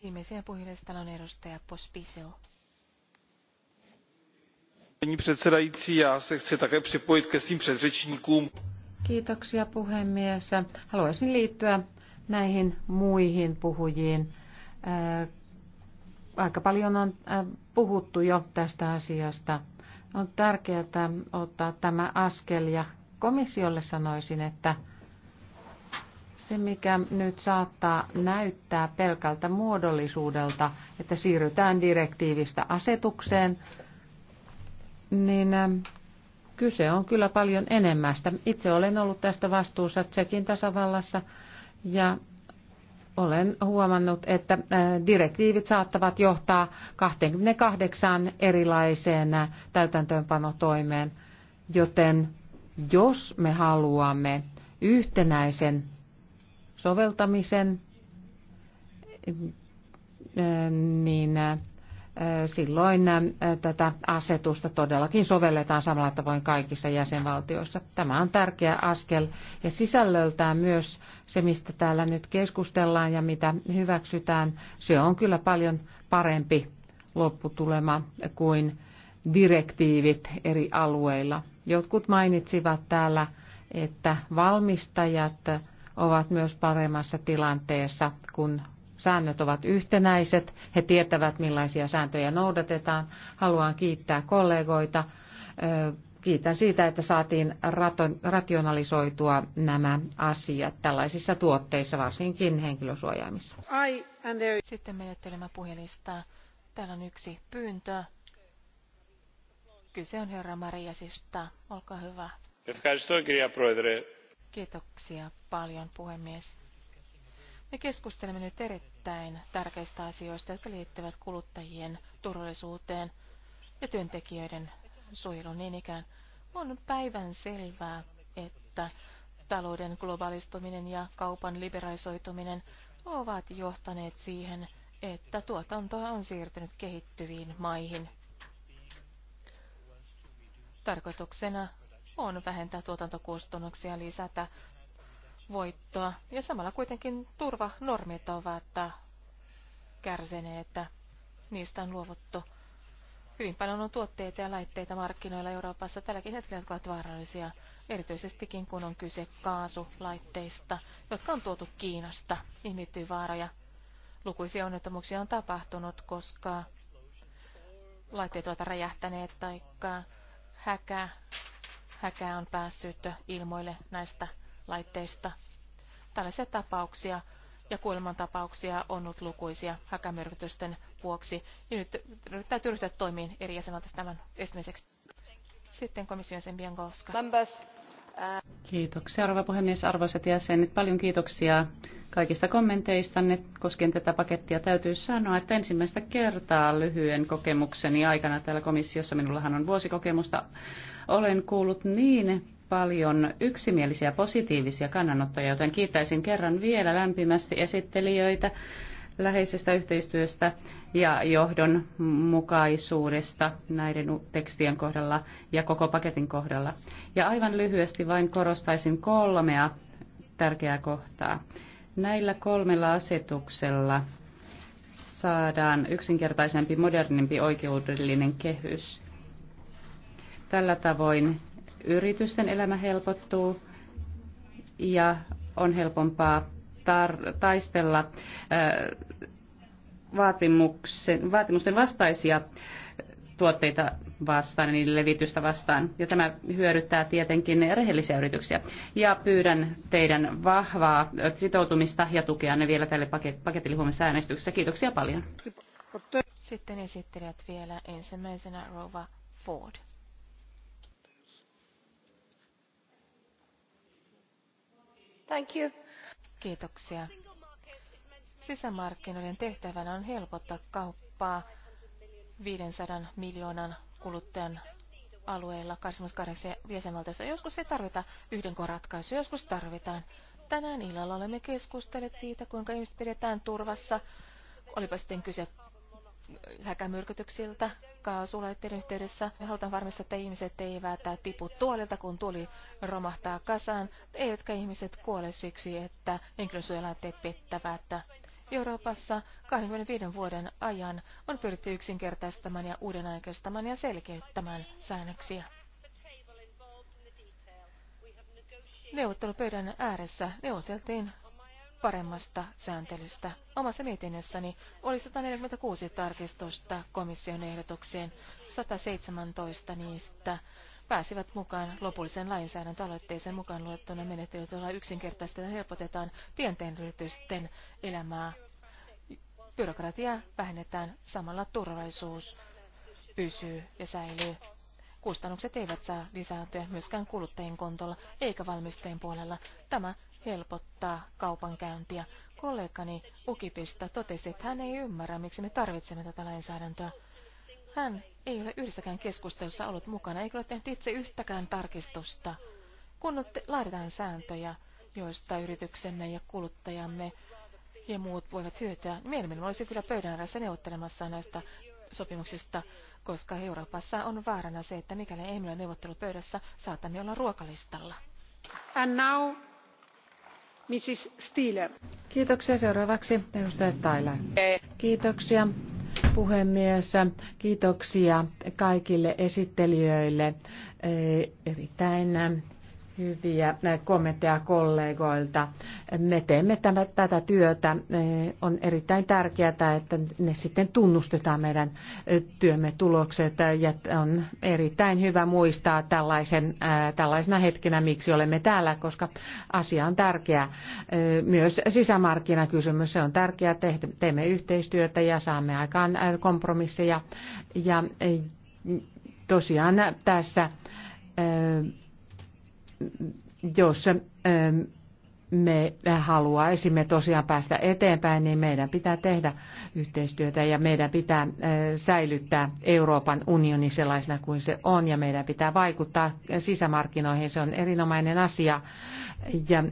Speaker 2: Viimeisenä puhujana on edustaja Pospiseo. se Kiitoksia puhemies.
Speaker 1: Haluaisin liittyä näihin muihin puhujiin. Aika paljon on puhuttu jo tästä asiasta. On tärkeää ottaa tämä askel ja komissiolle sanoisin, että se, mikä nyt saattaa näyttää pelkältä muodollisuudelta, että siirrytään direktiivistä asetukseen, niin ähm, kyse on kyllä paljon enemmästä. Itse olen ollut tästä vastuussa Tsekin tasavallassa ja olen huomannut, että direktiivit saattavat johtaa 28 erilaiseen täytäntöönpanotoimeen, joten jos me haluamme yhtenäisen soveltamisen, niin silloin tätä asetusta todellakin sovelletaan samalla tavoin kaikissa jäsenvaltioissa. Tämä on tärkeä askel ja sisällöltään myös se, mistä täällä nyt keskustellaan ja mitä hyväksytään, se on kyllä paljon parempi lopputulema kuin direktiivit eri alueilla. Jotkut mainitsivat täällä, että valmistajat ovat myös paremmassa tilanteessa, kun säännöt ovat yhtenäiset. He tietävät, millaisia sääntöjä noudatetaan. Haluan kiittää kollegoita. Kiitän siitä, että saatiin rationalisoitua nämä asiat tällaisissa tuotteissa, varsinkin henkilösuojaimissa.
Speaker 2: Sitten menettelemä puhelistaa. Täällä on yksi pyyntö. Kyse on herra Mariasista. Olkaa hyvä. Kiitoksia paljon, puhemies. Me keskustelemme nyt erittäin erittäin tärkeistä asioista, jotka liittyvät kuluttajien turvallisuuteen ja työntekijöiden suojeluun niin ikään. On päivän selvää, että talouden globaalistuminen ja kaupan liberalisoituminen ovat johtaneet siihen, että tuotantoa on siirtynyt kehittyviin maihin. Tarkoituksena on vähentää tuotantokustannuksia, lisätä voittoa ja samalla kuitenkin turva normit ovat kärsineet, että niistä on luovuttu. Hyvin paljon on tuotteita ja laitteita markkinoilla Euroopassa tälläkin hetkellä, jotka ovat vaarallisia, erityisestikin kun on kyse kaasulaitteista, jotka on tuotu Kiinasta. ihmittyy vaaroja. Lukuisia onnettomuuksia on tapahtunut, koska laitteet ovat räjähtäneet tai häkä, häkä on päässyt ilmoille näistä laitteista. Tällaisia tapauksia ja kuolemantapauksia on ollut lukuisia häkämyrkytysten vuoksi, ja nyt täytyy ryhtyä toimiin eri jäsenvaltioissa tämän estämiseksi. Sitten komission sen koska.
Speaker 3: Kiitoksia, arvoisa puhemies, arvoisat jäsenet. Paljon kiitoksia kaikista kommenteistanne koskien tätä pakettia. Täytyy sanoa, että ensimmäistä kertaa lyhyen kokemukseni aikana täällä komissiossa, minullahan on vuosikokemusta, olen kuullut niin paljon yksimielisiä positiivisia kannanottoja, joten kiittäisin kerran vielä lämpimästi esittelijöitä läheisestä yhteistyöstä ja johdonmukaisuudesta näiden tekstien kohdalla ja koko paketin kohdalla. Ja aivan lyhyesti vain korostaisin kolmea tärkeää kohtaa. Näillä kolmella asetuksella saadaan yksinkertaisempi, modernimpi oikeudellinen kehys. Tällä tavoin yritysten elämä helpottuu ja on helpompaa taistella äh, vaatimusten vastaisia tuotteita vastaan ja niiden levitystä vastaan. Ja tämä hyödyttää tietenkin rehellisiä yrityksiä. Ja pyydän teidän vahvaa sitoutumista ja tukea ne vielä tälle paketille huomessa äänestyksessä. Kiitoksia paljon.
Speaker 2: Sitten esittelijät vielä ensimmäisenä Rova Ford. Thank you. Kiitoksia. Sisämarkkinoiden tehtävänä on helpottaa kauppaa 500 miljoonan kuluttajan alueella 28 jäsenvaltiossa. Joskus ei tarvita yhden ratkaisua, joskus tarvitaan. Tänään illalla olemme keskustelleet siitä, kuinka ihmiset pidetään turvassa, olipa sitten kyse häkämyrkytyksiltä kaasulaitteiden yhteydessä. Me halutaan varmistaa, että ihmiset eivät tipu tuolilta, kun tuoli romahtaa kasaan, eivätkä ihmiset kuole siksi, että henkilösuojalaitteet pettävät. Euroopassa 25 vuoden ajan on pyritty yksinkertaistamaan ja uudenaikaistamaan ja selkeyttämään säännöksiä. Neuvottelupöydän ääressä neuvoteltiin paremmasta sääntelystä. Omassa mietinnössäni oli 146 tarkistusta komission ehdotukseen, 117 niistä pääsivät mukaan lainsäädännön lainsäädäntöaloitteeseen mukaan luettuna menettelyt, joilla yksinkertaisesti helpotetaan pienten yritysten elämää. Byrokratiaa vähennetään, samalla turvallisuus pysyy ja säilyy. Kustannukset eivät saa lisääntyä myöskään kuluttajien kontolla eikä valmistajien puolella. Tämä helpottaa kaupankäyntiä. Kollegani Ukipista totesi, että hän ei ymmärrä, miksi me tarvitsemme tätä lainsäädäntöä. Hän ei ole yhdessäkään keskustelussa ollut mukana, eikä ole tehnyt itse yhtäkään tarkistusta. Kun laaditaan sääntöjä, joista yrityksemme ja kuluttajamme ja muut voivat hyötyä, niin mieluummin olisi kyllä pöydän ääressä neuvottelemassa näistä sopimuksista, koska Euroopassa on vaarana se, että mikäli emme ole neuvottelupöydässä, saatamme olla ruokalistalla. And now arvoisa
Speaker 1: Kiitoksia. Seuraavaksi edustaja Kiitoksia puhemies. Kiitoksia kaikille esittelijöille. Erittäin hyviä kommentteja kollegoilta. Me teemme tämän, tätä työtä. On erittäin tärkeää, että ne sitten tunnustetaan meidän työmme tulokset. Ja on erittäin hyvä muistaa tällaisen, tällaisena hetkenä, miksi olemme täällä, koska asia on tärkeä. Myös sisämarkkinakysymys, se on tärkeää. Teemme yhteistyötä ja saamme aikaan kompromisseja. Ja tosiaan tässä jos ähm, me haluaisimme tosiaan päästä eteenpäin, niin meidän pitää tehdä yhteistyötä ja meidän pitää äh, säilyttää Euroopan unioni sellaisena kuin se on ja meidän pitää vaikuttaa sisämarkkinoihin. Se on erinomainen asia ja äh,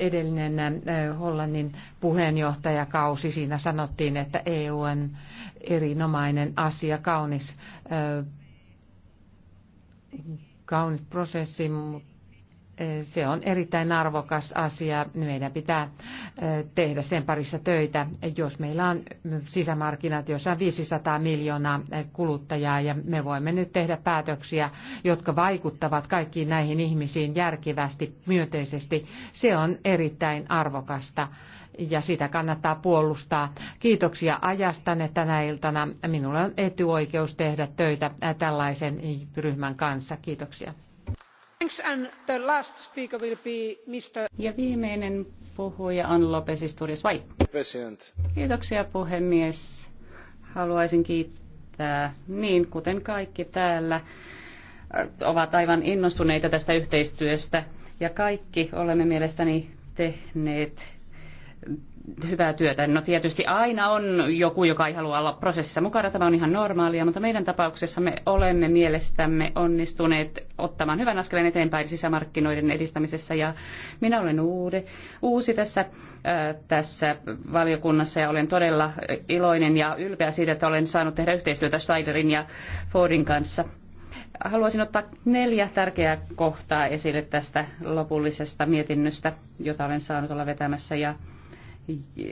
Speaker 1: edellinen äh, Hollannin puheenjohtajakausi, siinä sanottiin, että EU on erinomainen asia, kaunis, kaunis prosessi, mutta se on erittäin arvokas asia. Meidän pitää tehdä sen parissa töitä. Jos meillä on sisämarkkinat, joissa on 500 miljoonaa kuluttajaa ja me voimme nyt tehdä päätöksiä, jotka vaikuttavat kaikkiin näihin ihmisiin järkevästi, myönteisesti, se on erittäin arvokasta ja sitä kannattaa puolustaa. Kiitoksia ajastanne tänä iltana. Minulla on etuoikeus tehdä töitä tällaisen ryhmän kanssa.
Speaker 3: Kiitoksia. Ja viimeinen puhuja on Lopez Vai. President. Kiitoksia puhemies. Haluaisin kiittää, niin kuten kaikki täällä äh, ovat aivan innostuneita tästä yhteistyöstä. Ja kaikki olemme mielestäni tehneet hyvää työtä. No tietysti aina on joku, joka ei halua olla prosessissa mukana, tämä on ihan normaalia, mutta meidän tapauksessamme olemme mielestämme onnistuneet ottamaan hyvän askeleen eteenpäin sisämarkkinoiden edistämisessä ja minä olen uude, uusi tässä, äh, tässä valiokunnassa ja olen todella iloinen ja ylpeä siitä, että olen saanut tehdä yhteistyötä Schneiderin ja Fordin kanssa haluaisin ottaa neljä tärkeää kohtaa esille tästä lopullisesta mietinnöstä, jota olen saanut olla vetämässä. Ja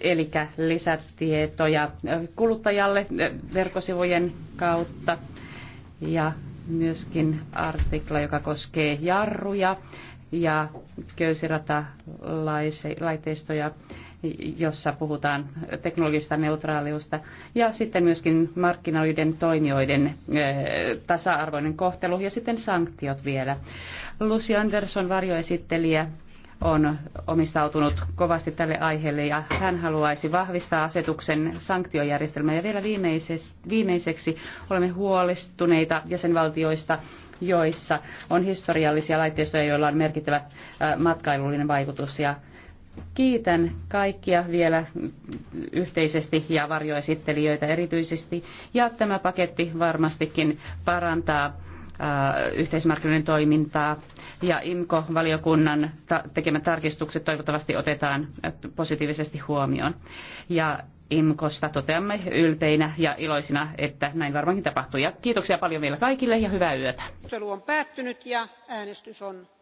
Speaker 3: eli lisätietoja kuluttajalle verkkosivujen kautta ja myöskin artikla, joka koskee jarruja ja köysiratalaiteistoja, jossa puhutaan teknologista neutraaliusta. Ja sitten myöskin markkinoiden toimijoiden tasa-arvoinen kohtelu ja sitten sanktiot vielä. Lucy Anderson, varjoesittelijä, on omistautunut kovasti tälle aiheelle ja hän haluaisi vahvistaa asetuksen sanktiojärjestelmää. Ja vielä viimeiseksi olemme huolestuneita jäsenvaltioista, joissa on historiallisia laitteistoja, joilla on merkittävä matkailullinen vaikutus. Ja kiitän kaikkia vielä yhteisesti ja varjoesittelijöitä erityisesti. Ja tämä paketti varmastikin parantaa yhteismarkkinoiden toimintaa ja IMKO-valiokunnan tekemät tarkistukset toivottavasti otetaan positiivisesti huomioon. Ja IMKOsta toteamme ylpeinä ja iloisina, että näin varmaankin tapahtuu. Ja kiitoksia paljon vielä kaikille ja hyvää yötä.
Speaker 1: Keskustelu on päättynyt ja äänestys on